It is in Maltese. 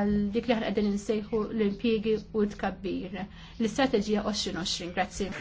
għal dik li ħanqedin nsejħu l impjiegi u tkabbir. L-istrateġija 2020. Grazzi.